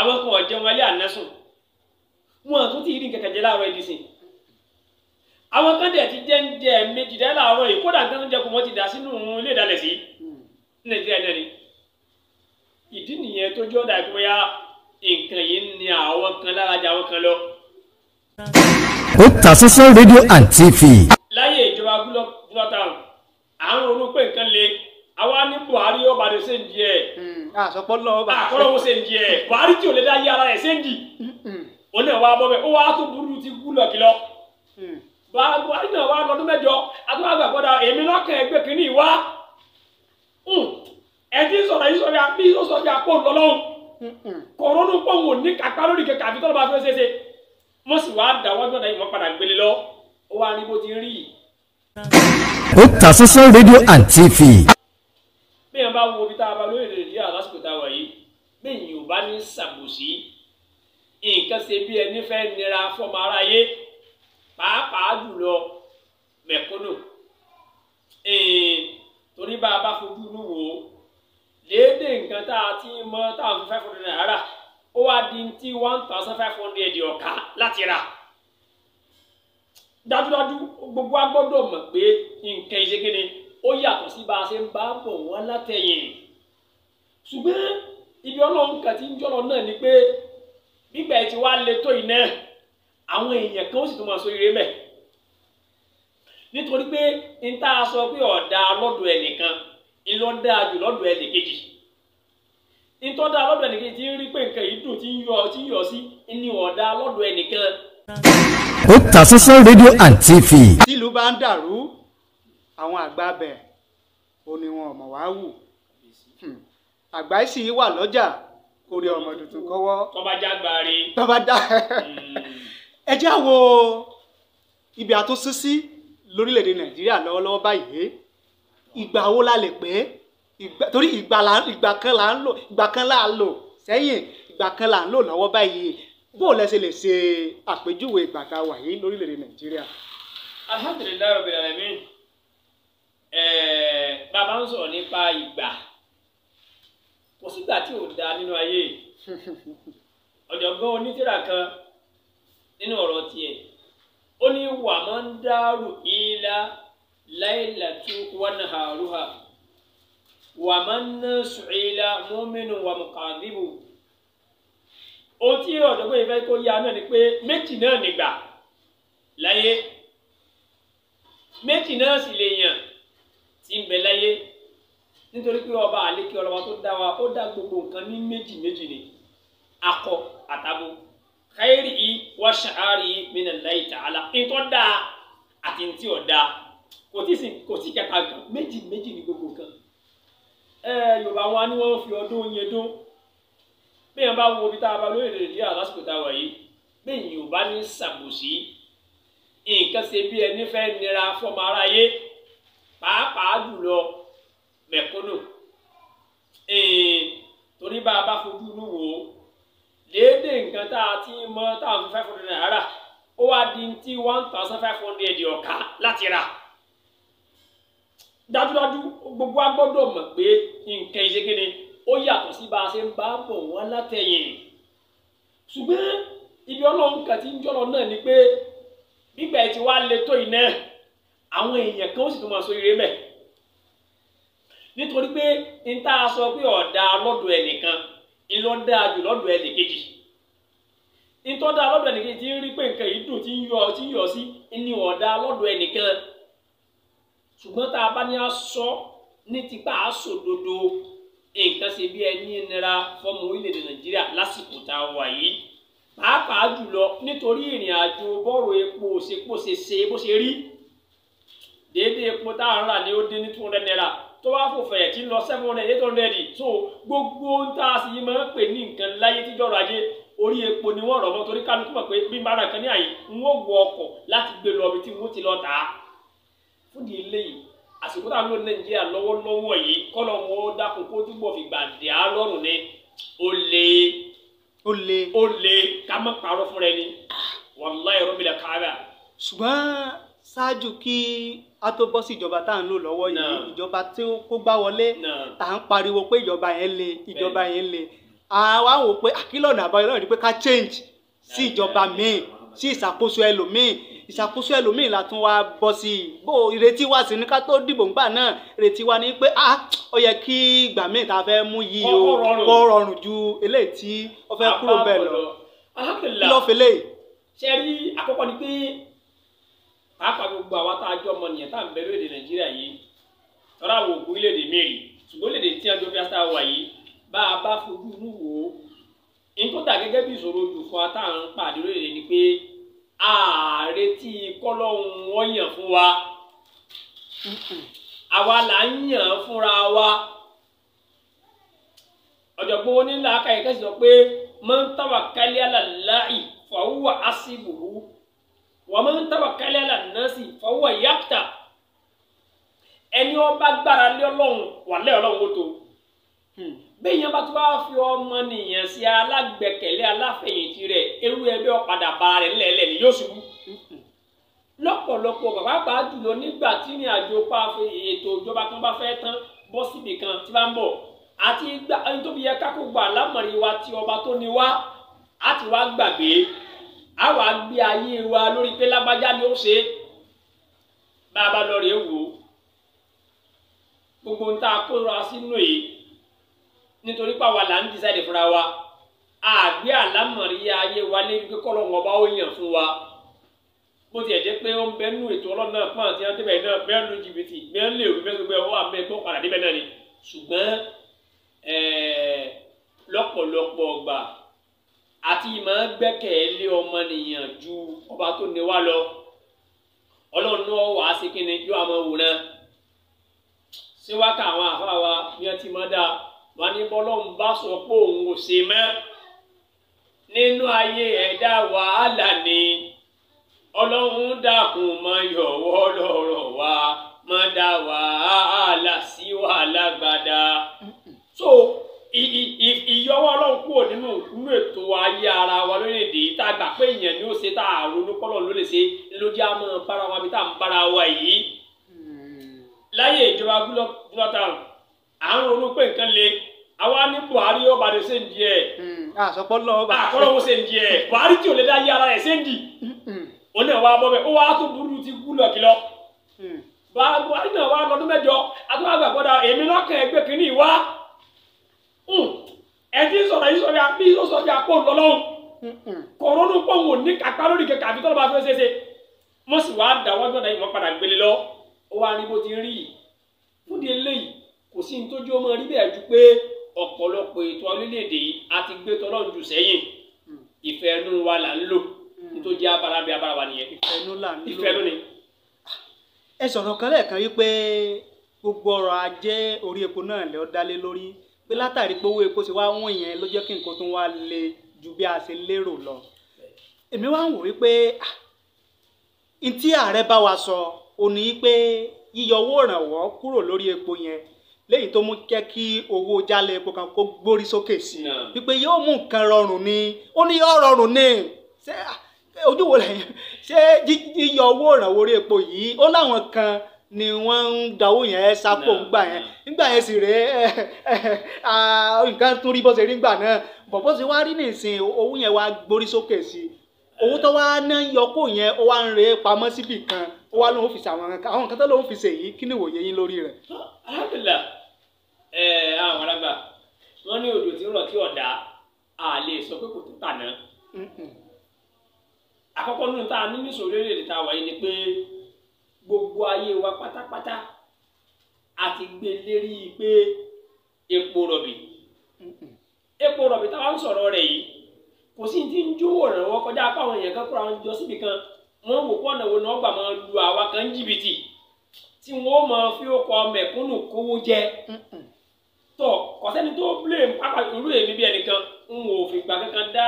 àwọn kan ọ̀jẹ̀ wọn lé ànásùn wọn tún ti rí nǹkan kẹjẹ láàárọ̀ ẹ̀dì sìn àwọn kan dẹ̀ ti jẹ́ ń jẹ méjì dá láàárọ̀ yìí kódà nǹkan tó jẹ kó wọ́n ti dà sínú ilé ìdálẹ̀ sí nàìjíríà náà ni ìdí nìyẹn tó jọ́ dà bóyá nǹkan yìí ni àwọn kan lára jà àwọn kan lọ. Otasansan rédíò and TV. láyé ìjọba gúlọ́tà àwọn olùpẹ̀ nǹkan le ní buhari yóò bá de ṣe ń di ẹ. àsọpọ̀ lọ bá. àkọ́rọ̀ wo ṣe ń di ẹ buhari tí ò lè dá yé ara rẹ̀ ṣe ń di. ó lè wá bọ́ bẹ́ẹ̀ ó wá tó burú ti kú lọ́kìlọ́. Hmm. buhari náà wá lọ́dún mẹ́jọ àtúwà gbàgbọ́dà èmi lọ́kàn ẹgbẹ́ kìíní wá. Hmm. ẹ ti sọ̀rọ̀ yìí sọ̀rọ̀ àbí ó sọ̀rọ̀ àpò ńlọ́lọ́hùn. Hmm. kọ̀rọ̀nù pọ̀nwó ní kápá lórí kẹ̀kẹ́ àfi tọ́lọ́ bá fẹ́ ṣe é ṣe. mo sì wá dà wọ́n gbọ́dọ̀ yìí wọ́n padà gbélé lọ. ó wá ní bó ti rí yìí Otasansan rédíò and TV bẹ́ẹ̀ bá wo ibi tá a bá lóye lè yí àlásìkò tá a wà yìí bẹ́ẹ̀ yóò bá ní ṣàbòsí nǹkan ṣe bí ẹni fẹ́ nira fọmọ aráyé pàápàá jùlọ mẹ̀kúnnù torí bá a bá fojú inú wò ó léde nǹkan tá a ti mọ tá a fi five hundred naira ó wá di ti one thousand five hundred ọ̀ka láti rà dájúdájú gbogbo a gbọ́dọ̀ mọ̀ pé nǹkan ìṣe kí ni ó yàtọ̀ sí bá a ṣe ń bá bọ̀ wọ́n látẹ̀yìn ṣùgbọ́n ibi ọlọ́run kan ti ń jọ́lọ náà ni pé gbígbà ẹ̀ ti wá le tó iná àwọn èèyàn kan ó sì tún máa so ire mẹ́ nítorí pé n tá a sọ pé ọ̀dà lọ́dọ̀ ẹnìkan ìlọ́dà jù lọ́dọ̀ ẹnìkejì ìtọ́dà lọ́dọ̀ ẹnìkan ti ń rí pé nǹkan yìí dùn tí ń yọ tí ń yọ sí ní ọ̀dà lọ́dọ̀ ẹnìkan. Otasansan rédíò and TV. tílùú bá ń dàrú àwọn àgbà bẹ̀ ó ní wọn ọmọ wàá wù hmm. àgbà sì wà lọ́jà kó rí ọmọ tuntun kọ́wọ́. tọ́ba já gbari. tọ́ba já hmm. ẹ já wo ibi àtúnṣe sí lórílẹ̀‐èdè nàìjíríà lọ́wọ́lọ́wọ́ báyìí ìgbà wo la lè pé torí ìgbà kan là ń lò ìgbà kan là ń lò sẹ́yìn ìgbà kan là ń lò lọ́wọ́ báyìí bó lẹ ṣe lè ṣe àpèjúwe ìgbà tá wà yìí lórílẹ̀‐èdè nàìjíríà. alhamdulilayi rabbil alamin. bàbá eh, ń sọ̀rọ̀ nípa ìgbà kò sígbà tí ò da nínú ayé ọ̀jọ̀gbọ́n onítìrà kan nínú ọ̀rọ̀ tiẹ̀ ó ní wà máa ń dárò láìlàtú wà máa ń ná wà mùkàdìbò tí ọ̀jọ̀gbọ́n ìfẹ́ kó yá ni pé méjì náà láyé méjì náà sì lè tí ń bẹ láyé nítorí pé ọba àlékè ọlọ́wà tó dá wa ó dá gbogbo nǹkan ní méjì méjì ni akọ àtabo káyérì yìí wá ṣàárì yìí min Allah ta'ala ntọ́ da àti ntí ọ̀dà kò tí sì kò sí kẹta kan méjì méjì ní gbogbo nǹkan ẹ Yorùbá wa ni wọ́n fi ọdún yẹn dún bẹ́ẹ̀ bá wo ibi tá a bá lóyè lè rí àlásìkò tá a wà yìí bẹ́ẹ̀ Yorùbá ní sàbòsí nǹkan ṣe bí ẹni fẹ́ nira fọmọ aráyé pàápàá jùlọ mẹ̀kúnnù torí bá a bá fojú inú wò ó léde nǹkan tá a ti mọ tá a fi five hundred naira ó wá di ti one thousand five hundred ọ̀ka láti rà dájúdájú gbogbo a gbọ́dọ̀ mọ̀ pé nǹkan ìṣègbè ni ó yàtọ̀ sí bá a ṣe ń bá bọ̀ wọ́n látẹ̀yìn ṣùgbọ́n ibi ọlọ́run kan ti ń jọ̀rọ̀ náà ni pé gbígbà ẹ̀ ti wá le tó iná àwọn èèyàn kan ó sì tún máa so ire mẹ́ nítorí pé n tá a sọ pé ọ̀dà lọ́dọ̀ ẹnìkan ìlọ́dà jù lọ́dọ̀ ẹnìkejì ntọ́dà lọ́dọ̀ ẹnìkejì ti ń rí pé nǹkan yìí dùn ti ń yọ ti ń yọ sí ní ọ̀dà lọ́dọ̀ ẹnìkan ṣùgbọ́n tá a bá ní a sọ ní tipa àsòdodo nǹkan ṣe bí ẹni nira fọmọ orílẹ̀-èdè nàìjíríà lásìkò tá a wà yìí pàápàá jùlọ nítorí ìrìn àjò bọ́ọ̀rọ̀ epo òṣèpò ṣe ṣe bó ṣe rí déédéé epo tá à ń ni ó dín ní two hundred naira tó bá fò fẹ̀yẹ̀ tí ń lọ seven hundred eight hundred so gbogbo ń tá a sì máa ń pè ní nǹkan láyé tíjọ́rọ̀ ajé orí epo ni wọ́n rọ̀ mọ́ torí kálukú mọ̀ pé bí mara kan ní àyè ń wọ́n wọ ọkọ̀ láti gbé lọ ibi tí wọ́n ti lọ tà á fún di eléyìí àsìkò tá a lò nàìjíríà lọ́wọ́lọ́wọ́ yìí kọ́lọ̀ wọn ó dákun kó túbọ̀ fi gbà dé á lọ́rùn ni ó lé ó lé ó lé ká má parọ́ fún rẹ ni wàláhì rọ́bìlà káàbà. ṣùgbọ́n ṣáájú kí a tó bọ́ sí ìjọba tá à ń lò lọ́wọ́ yìí ìjọba tí kó gbá wọlé tá à ń pariwo pé ìjọba yẹn le ìjọba yẹn le àwa wò pé àkílọ̀nà àbáyọ lọ́rùn ni pé ká change sí ìjọba míì sí ìṣàkóso ẹlòmíì ìṣàkóso ẹlòmíì la tún wá bọ́ sí i bó ìrètí wa sì ní ká tó dìbò ńgbà náà ìrètí wa ni pé ah ó yẹ kí ìgbà míì tá a fẹ́ mú yìí o kó rọrùn ju eléyìí tí ó fẹ́ kúrò bẹ́ẹ̀ lọ pàápàá gbogbo àwa tá a jọ ọmọ nìyẹn tá à ń bẹ lóde nàìjíríà yìí tọ́lá wo òkú iléèdè mìíràn ṣùgbọ́n iléèdè tí wọ́n jọ fi aṣáá wà yìí bá a bá fojú inú wò ó nítorí gẹ́gẹ́ bí ìṣòro ojú fún wa tá à ń pàdé lóde ni pé ààrẹ tí kọ́lọ́hún wọ́n yàn fún wa àwa là ń yàn fúnra wa ọ̀jọ̀gbọ́n onílà akẹ́kẹ́ sọ pé man tawakkala ala Allahi fa huwa asibuhu wa man tawakkala ala nasi fahuwa yaqta ẹni ọba gbára lé ọlọ́run wà lẹ́ ọlọ́run ó tó bẹ́ẹ̀ yẹn bá tún wáá fi ọmọ nìyẹn sí alágbẹ̀kẹ̀lé aláfẹ̀yìntì rẹ̀ ewu ẹgbẹ́ ọ̀padà bara rẹ̀ ńlẹ̀ẹ́lẹ̀ ni yóò ṣubú hmm. lọ́pọ̀lọpọ̀ bàbá jùlọ nígbà tí ní àjò pa ètò ìjọba kan bá fẹ́ tán bọ́ síbì kan tí bá ń bọ̀ àti ẹni tó fi yẹ kákó gbà lámọ̀rin wa ti ọba tó ni wá á wá gbàgbé a wàá gbé ayé wa lórí pé lágbájá ni ó ṣe é bá a bá lọ rèé wò ó gbogbo ń tá a kóra sínú yìí nítorí pé àwa là ń dísáìdì fúnra wa àgbé àlámọ̀rí ayé wa lé wípé kọ́ lọ́wọ́ ọba ó yàn fún wa bó tiẹ̀ jẹ́ pé ó ń bẹ́ẹ̀ nú ètò ọlọ́run náà pọ́n àti ẹni débẹ̀ náà bẹ́ẹ̀ lu jìbìtì bẹ́ẹ̀ lè wí bẹ́ẹ̀ gbẹ́ ọwọ́ àbẹ́ tó padà débẹ̀ náà ni ṣùgbọ́n lọ́pọ̀lọpọ̀ ọgbà àti ìmọ̀ gbẹ́kẹ̀lé ọmọnìyàn ju ọba tó ní wá lọ ọlọ́run náà wàá sí kí ni yóò àmọ́ wòran síwáka àwọn àfáwa ni wọ́n ti mọ́ dáa wọ́n ní bọ́lọ́run bá sọ pé òun ò ṣe mọ́ nínú ayé ẹ̀dá wàhálà ni ọlọ́run dákun máa yọ̀wọ́ lọ́rọ̀ wa máa dá wàhálà sí wàhálà gbàdá. so ìyọwọ́ ọlọ́run kúrò nínú nínú ètò ayé ara wa lórílẹ̀‐èdè yìí tá a gbà pé ìyẹn ni ó ṣe tá a ronú pọ́lọ̀ ló lè ṣe ló jẹ́ àmọ́ bára wa bí tá a ń bára wa yìí. láyé ìjọba gúlọ́tàn à ń ronú pé nǹkan le àwa ní Buhari ó bá lè ṣe ń di ẹ̀. àsọpọ́lọ́ ó bá àkọ́lọ́wọ́ ṣe ń di ẹ̀ Buhari tí ò lè dá yé ara ẹ̀ ṣe ń di. ó náà wá bọ́ bẹ́ẹ̀ ó wá tó burú ti gúlọ̀ hmm. kìlọ̀ ẹtí sọ̀rọ̀ yìí sọ̀rọ̀ àbí yóò sọ̀rọ̀ àpò lọ́lọ́hùn kòrónú pọ̀ wò ní kápá lórí kẹkẹ àfi tọ́lọ́ bá fẹ́ ṣeéṣe mo sì wá dà wọ́n gbọ́dọ̀ yìí wọ́n padà gbélé lọ ó wá rí bó ti rí yìí fún di eléyìí kò sí ní tójú ọmọ rí bẹ́ẹ̀ ju pé ọ̀pọ̀lọpọ̀ ètò orílẹ̀-èdè yìí a ti gbé tọ́lọ́run jù sẹ́yìn ìfẹ́ ẹnu wa là ń lò nítorí abala bí abala wa nìyẹn ìfẹ́ ẹnu là ń lò ìfẹ́ pé látàrí pé owó epo ṣe wá wọ́n yẹn ló jẹ́ kí nǹkan tó wá le ju bí a ṣe lérò lọ èmi wá ń wò wípé ah, n tí ààrẹ bá wa sọ ò ní pé yíyọ owó ìrànwọ́ kúrò lórí epo yẹn léyìí tó mú jẹ́ kí owó jálẹ̀ epo kan kó gbórí sókè sí i wípé yóò mú nǹkan rọrùn ni ó ní yóò rọrùn ni ah, ojú wo lẹ́yìn ṣé yíyọ owó ìrànwọ́ orí epo yìí ó láwọn kan ni wọ́n ń dawó yẹn sapo ńgbà yẹn ńgbà yẹn sì rèé nǹkan tún rí bó ṣe rí ńgbà náà bọ̀ bó wá rí nìsín owó yẹn wá sókè sí i owó tó wá ná yọkó yẹn ó wá ń rèé pamọ́ síbì kan ó wá lóun fi ṣàwọn kankan àwọn nǹkan tó lóun fi kí ni ìwòye yín lórí rẹ̀. ẹ a lè sọ pé kò tó a ní gbogbo ayé wa pátápátá a ti gbé lérí pé epo rọ̀bì epo rọ̀bì táwa ń sọ̀rọ̀ rẹ̀ yìí kò sí ti ń jówó ìrànwọ́ kọjá apá àwọn èèyàn kan kúrò àwọn jọ síbi kan wọ́n wò pọ̀ náà gbà máa lu àwa kan jìbìtì tí wọ́n máa fi ó kọ mẹ̀kúnnù kówó jẹ tọ kọsẹ́ni tó blame pápá irú èmi bí ẹnìkan fìgbà kankan dá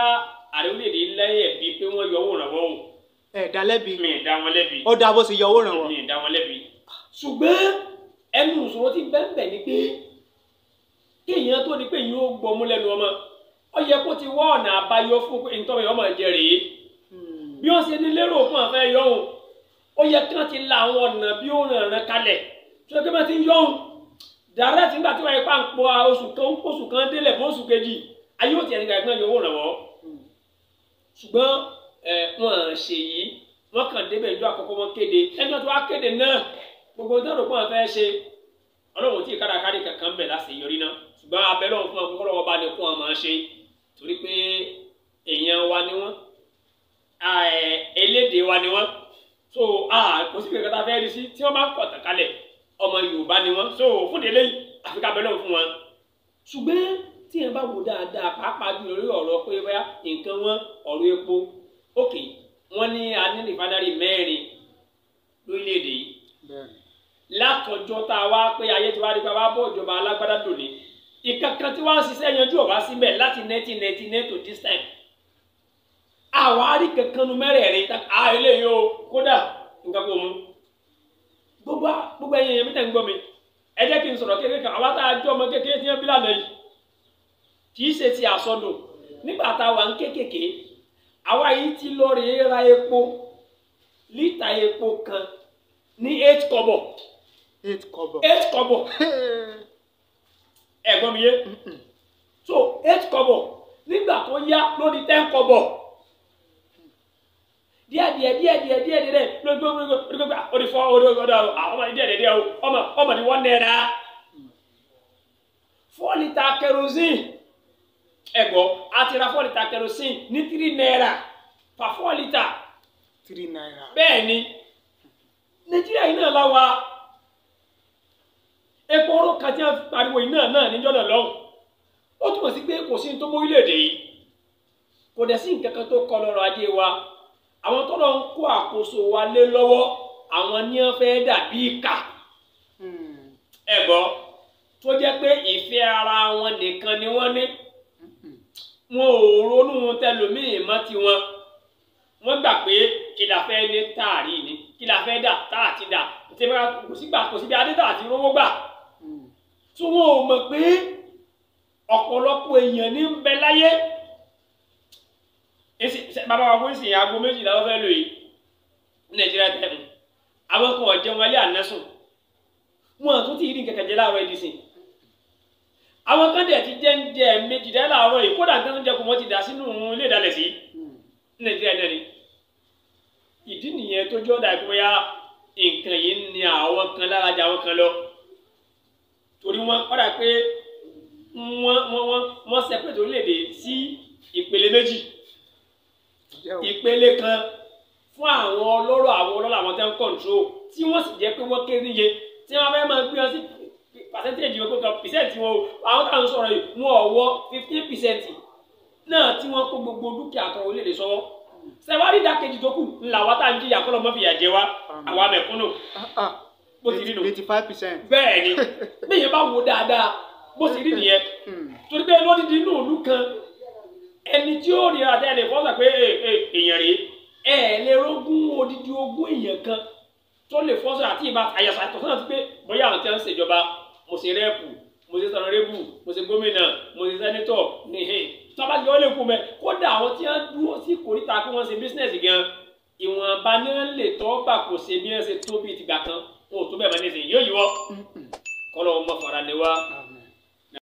àríwílẹ̀ èdè lẹ́yìn ẹ da lẹ́bi. mi da wọn lẹ́bi. ó dá bó ṣe yọ owó ràn wọ́n. mi dá wọn lẹ́bi. ṣùgbọ́n ẹnu ìṣòro ti bẹ́ẹ̀ ni pé kí èèyàn tó di pé yín ó gbọmú lẹ́nu ọmọ ó yẹ kó ti wá ọ̀nà àbáyọ fún pé nítorí ọmọ jẹ rèé hmm. bí wọ́n ṣe ní lérò fún àfẹ́ yọ̀hún ó yẹ kí wọ́n ti la àwọn ọ̀nà bí ó ràn ràn kalẹ̀ ṣé kí wọ́n ti yọ̀hún dàrẹ́ tí nígbà tí wọ́n yẹ pa ń pọ̀ oṣù kan oṣù kan délẹ̀ fún oṣù kejì ayé òtí ẹ̀ nígbà ìgbọ́n yóò ràn wọ́n hmm. ṣùgbọ́n wọn ṣe yìí wọn kàn débẹ̀ ìjọ àkọ́kọ́ wọn kéde ẹni wọn tó wá kéde náà gbogbo ohun tó rò pé wọn fẹ́ ṣe ọlọ́run tí kárakárí kankan bẹ̀ láṣeyọrí náà ṣùgbọ́n abẹ́lẹ́ òun fún wọn kọ́kọ́ lọ́wọ́ bá lè kún wọn máa ṣe torí pé èèyàn wa ni wọ́n elédè wa ni wọ́n so kò sí kankan tá a fẹ́ rí sí tí wọ́n bá kọ̀ tàn kalẹ̀ ọmọ Yorùbá ni wọ́n so fún délé àfi ká abẹ́lẹ́ òun fún wọn ṣùgbọ́n tí yẹn bá wò dáadáa pàápàá jùlọ lórí ọ̀rọ̀ pé bá nǹkan wọn ọ̀rọ̀ epo ok wọ́n ní a ní rìfánárì mẹ́rin lórílẹ̀‐èdè yìí látọjọ́ tá a wá pé ayé tí wàá rí pé a wá bọ́ ìjọba alágbádá dòní ìkankan tí wọ́n ń ṣiṣẹ́ yanjú ọ̀bá síbẹ̀ láti nineteen ninety nine to this time àwárí kankan nu mẹ́rẹ̀ẹ̀rin a eléyìí o kódà nǹkan kò mú gbogbo gbogbo ẹ̀yin ẹ̀mí tẹ̀ ń gbọ́ mi ẹ jẹ́ kí n sọ̀rọ̀ kékeré kan àwa tá ọmọ kékeré tí wọ́n bí yìí kì í ṣe ti àsọdùn nígbà tá ń kékèké àwa yìí ti lọ rèé ra epo lítà epo kan ní eight kobo. eight kobo. eight kọ́bọ̀ ẹ̀gbọ́n mi yé so eight kobo. nígbà tó yá ló di ten kọ́bọ̀ díẹ̀ díẹ̀ díẹ̀ díẹ̀ díẹ̀ díẹ̀ lórí gbogbo gbogbo gbogbo ó di fọ ó di ó di ọmọ díẹ̀ díẹ̀ díẹ̀ o ọmọ ọmọ di one naira four litre kerosene ẹ̀gọ́ àti ra four litre kerosene ní three naira per four litre. three naira. bẹ́ẹ̀ ni nàìjíríà yìí náà láwa epo oró kan tí wọ́n pariwo yìí náà náà níjọ́ náà lọ́hùn ó túmọ̀ sí pé kò sí ní orílẹ̀-èdè yìí kò dẹ̀ sí nǹkan kan tó kọ lọ́rọ̀ ajé wa àwọn tó lọ ń kó àkóso wa lé lọ́wọ́ àwọn ní wọ́n fẹ́ dàbí ìkà hmm. ẹ̀gbọ́n tó jẹ́ pé ìfẹ́ ara wọn nìkan ni wọ́n ní wọn ò ronú tẹlòmíì mọ́ tiwọn wọ́n gbà pé kí la fẹ́ ní táàrí ni kí la fẹ́ dà táà ti dà kò sígbà kò síbi adé táà ti rówó gbà tí hmm. wọn ò mọ̀ pé ọ̀pọ̀lọpọ̀ èèyàn ní ń bẹ láyé bàbá wa fún ìsìn aago méjìlá wọn fẹ́ lò yìí ní nàìjíríà tẹ̀mù àwọn kan ọ̀jẹ̀ wọn lé àná sùn wọn àtúntì yìí ní kẹkẹ jẹ láàárọ̀ ẹ̀dínsìn àwọn kan dẹ̀ ti jẹ́ ń jẹ méjì dá láàárọ̀ yìí kódà nǹkan tó ń jẹ kó wọ́n ti dà sínú ilé ìdálẹ̀ sí nàìjíríà náà ni ìdí nìyẹn tó jọ́ dà bóyá nǹkan yìí ń ni àwọn kan lára jà àwọn kan lọ torí wọ́n kódà pé wọ́n wọ́n wọ́n wọ́n sẹ́pẹ̀tì orílẹ̀-èdè sí ìpele méjì ìpele kan fún àwọn ọlọ́rọ̀ àwọn ọlọ́rọ̀ àwọn tẹ́ ń kọ̀ǹtró tí wọ́n sì jẹ́ pé wọ́n kéré níye tí wọ́n fẹ́ máa gbé wọn sí percentage wọn kó kan percent wọn o àwọn táwọn sọ̀rọ̀ yìí wọn ọ̀wọ́ fifteen percent náà tí wọ́n kó gbogbo dúkìá àtọ̀ orílẹ̀-èdè sọ́wọ́ sẹ̀wárí ìdákejì tó kù ńlá wa tá à ń jìyà kọ́lọ́ mọ́ fìyà jẹ wa àwa mẹ̀kúnnù ah, ah. bó ti rí nù eighty five percent bẹ́ẹ̀ ni bíyẹn bá wo dáadáa bó ti rí nìyẹn hmm. torí pé lódìdí inú òlu kan ẹni tí ó rí adé ẹni fọ́sà pé èèyàn rèé ẹ lè rógún odidi ogún èèyàn kan tó lè fọ́sà àti ìbá àyàsà àtọ̀sọ́nà ti pé bóyá àwọn tí wọ́n ń ṣèjọba mo ṣe rẹ́ẹ̀pù mo ṣe sọ̀rọ̀rẹ́bù mo ṣe gómìnà mo ṣe sẹ́nítọ̀ nìhìn tọ́ba jẹ́ ó lè kú mẹ́ kódà àwọn tí wọ́n dúró sí kòríta kí wọ́n ṣe bísínẹ́sì gan ìwọ̀nba náà lè tọ́ gbà kò ṣe bí wọ́n ṣe tóbi tìgbà kan wọn ò tó bẹ́ẹ̀ máa ní ìsìn yóò yíwọ́ kọ́lọ́ ọmọ fara lé wa.